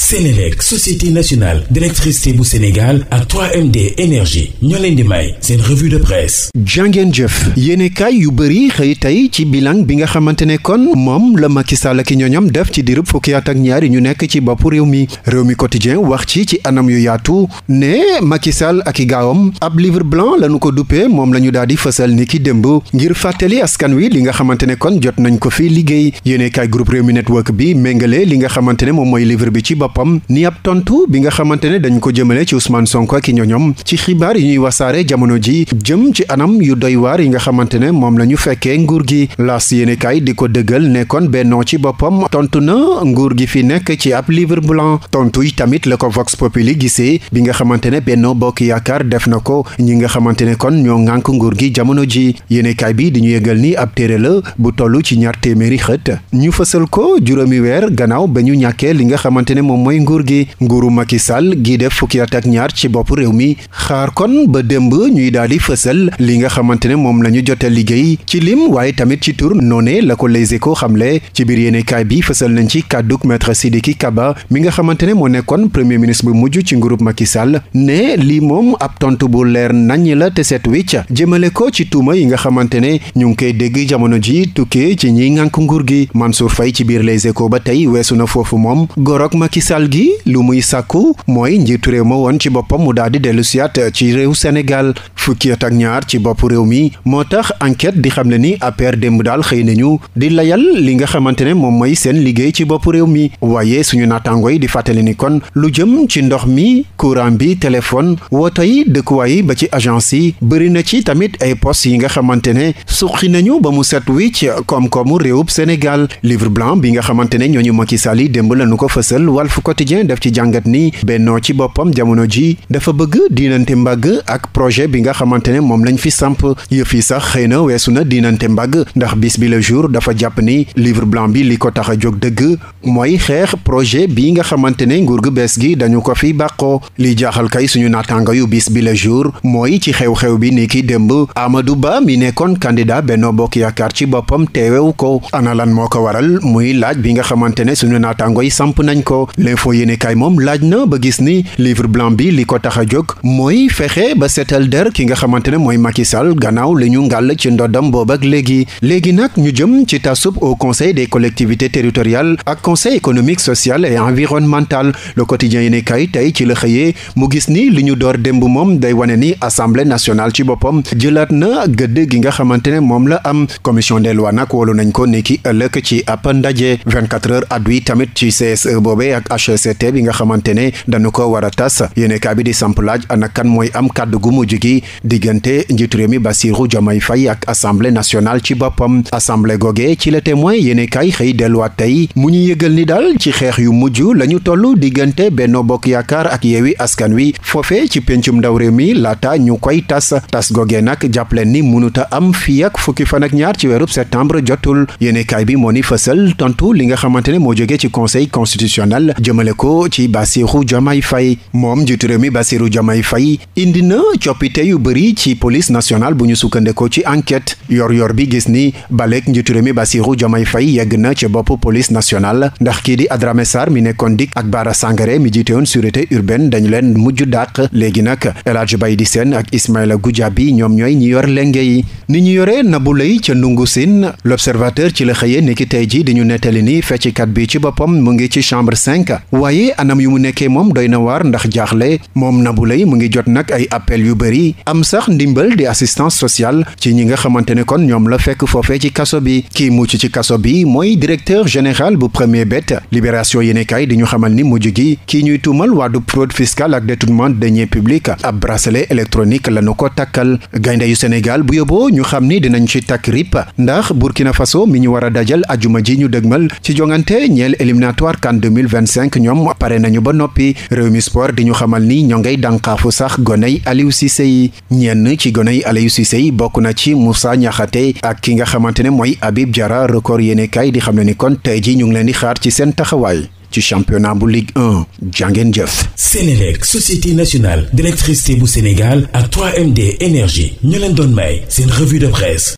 Sénélec société nationale d'électricité bu Sénégal ak 3 ñoo leen di may seen revue de presse. jàngeen jëf yéenekaay yu bëri xëy tey ci bilan bi nga xamante ne kon moom la Macky Sall ki ñoñam def ci diirub fukki at ak ñaari ñu nekk ci bopp réew mi réew mi quotidien wax ci ci anam yu yaatu ne Macky Sall ak i gaawam ab livre blanc lañu ko duppee moom la ñu daal di fësal ni ki démb ngir fàttali askan wi li nga xamante ne kon jot nañ ko fi liggéey yéenekaay groupe réew mi network bi méngale li nga xamante ne moom mooy livre bi ci bopp boppam ni ab tontu bi nga xamante ne dañ ko jëmale ci Ousmane Sonko ak ñoñom ci xibaar yi ñuy wasaare jamono ji jëm ci anam yu doy waar yi nga xamante ne moom la ñu fekkee nguur gi laas yéenekaay di ko dëggal kon Benno ci boppam tontu na nguur gi fi nekk ci ab livre blanc tontu yi tamit la ko Vox Populi gisee bi nga xamante ne Benno Bokk Yaakaar def na ko ñi nga xamante ne kon ñoo ngànk nguur gi jamono ji yéenekaay bi di ñu yëgal ni ab téere la bu toll ci ñaar téeméeri xët ñu fësal ko juróomi weer gannaaw ba ñu moom mooy nguur gi nguuru Macky Sall gi def fukki at ak ñaar ci bopp réew mi xaar kon ba démb ñuy daal di fësal li nga xamante ne moom la ñu jotee liggéey ci lim waaye tamit ci tur noone la ko Les Échos xamle ci biir yéenekaay bi fësal nañ ci kàdduk maître Sidiki Kaba mi nga xamante ne moo nekkoon premier ministre bu mujj ci nguru Macky Sall ne lii moom ab tontu bu leer nañ la te set wicc jëmale ko ci tuuma yi nga xamante ne ñu ngi koy dégg jamono ji tukkee ci ñiy ngànk nguur gi Mansour Faye ci biir Les Échos ba tey Macky gi lu muy sàkku mooy njiitu réew ma woon ci boppam mu daal di dellusiwaat ci réew senegal fukki at ak ñaar ci bopp réew mi moo tax enquête di xamle ni APR démb daal xëy nañu di layal li nga xamante ne moom mooy seen liggéey ci bopp réew mi waaye suñu naataango yi di fàttali ni kon lu jëm ci ndox mi courant bi téléphone woto yi dëkkuwaay ba ci agence yi bëri na ci tamit ay postes yi nga xamante ne suqi nañu ba mu set wi ci koom-koomu réewub Sénégal livre blanc bi nga xamante ne ñooñu Macky Sall yi démb lañu ko fësal Walf Quotidien def ci jàngat ni bennoo ci xamante ne moom lañ fi samp yëf sax xëy na weesu na diinante mbagg ndax bis bi la jour dafa jàpp ni livre blanc bi li ko tax a jóg dëgg mooy xeex projet bii nga xamante ne nguur gu bees gi dañu ko fi bàqoo li jaaxal kay suñu naataango yu bis bi la jour mooy ci xew-xew bi ni ki démb Amadou Ba mi nekkoon candidat Benno Bokk Yaakaar ci boppam teewew ko ana lan moo ko waral muy laaj bi nga xamante ne suñu naataango yi samp nañ ko l'info yéene kay moom laaj na ba gis ni livre blanc bi li ko tax a jóg mooy fexe ba seetal der ki nga xamante ne mooy Macky gannaaw li ñu ngàll ci ndoddam boobu ak léegi léegi nag ñu jëm ci tasub au conseil des collectivité territoriales ak conseil économique social et environnemental le quotidien yi ne kay tey ci la xëyee mu gis ni li ñu door démb moom day wane ni assemblée nationale ci boppam jëlaat na gëdd gi nga xamante ne moom la am commission des lois nag wóolu nañ ko ni ki ëllëg ci ab ndaje 24 heures addu yi tamit ci CSE boobe ak HCT bi nga xamante ne dañu ko war a tas yéene kaa di samp laaj ana kan mooy am kàddu gu gi diggante njiitu réew mi Bassirou Diomaye Faye ak assemblée nationale ci boppam assemblée goge ci la témoin yéene xëy delluwaat tey mu ñu yëgal ni daal ci xeex yu mujj lañu tollu diggante Benno Bokk Yaakaar ak Yewwi Askan Wi foofe ci péncum ndaw réew mi laata ñu koy tas tas goge nag jàppale ni mënuta am fii ak fukki fan ak ñaar ci weerub septembre jotul yéene bi moo ni fësal tontu li nga xamante ne moo jóge ci conseil constitutionnel jëmale ko ci Bassirou Diomaye Faye moom njiitu mi Bassirou Diomaye Faye lu bëri ci police nationale bu ñu sukkandekoo ci enquête yor-yor bi gis ni baleek njiitu réew mi Bassirou Diomaye fay yegg na ci bopp police nationale ndax kii di Adramé mi nekkoon dik ak Bara sangare mi jiite woon sûreté urbaine dañu leen mujj dàq léegi nag El Hadj Baydi Sène ak Ismaïla bi ñoom ñooy ñi yor lenge yi ni ñu yoree Nabou lay ca Ndungu Sine l'observateur ci la xëyee niki tey ji di ñu nettali ni feccikat bi ci boppam mu ngi ci chambre 5 waaye anam yu mu nekkee moom doy na waar ndax jaaxle moom Nabou Leye mu ngi jot nag ay appel yu bëri am sax ndimbal di assistance sociale ci ñi nga xamante ne kon ñoom la fekk foofee ci kaso bi kii mucc ci kaso bi mooy directeur général bu premier bet libération yéenekaay di ñu xamal ni mujj gi kii ñuy tuumal waadu fraude fiscale ak détournement de deniers publics ab bracelet électronique lañu ko takkal gaynde yu Sénégal bu yóbboo ñu xam ni dinañ ci takk rip ndax Burkina Faso mi ñu war a dajal ajuma ji ñu dëgmal ci jongante ñeel éliminatoire CAN 2025 ñoom pare nañu ba noppi réew di ñu xamal ni ñoo ngay dànqaafu sax goney Aliou Cissé yi ñenn ci gone yi Aliou Cissé yi bokk na ci Moussa Niakhaté ak ki nga xamante ne mooy Habib Diarra record yéene kaay di xam ne ni kon tey ji ñu ngi leen di xaar ci seen taxawaay ci championnat bu Ligue 1 jàngeen jëf. Sénélec société nationale d'électricité bu Sénégal ak 3MD énergie ñu leen doon may seen revue de presse.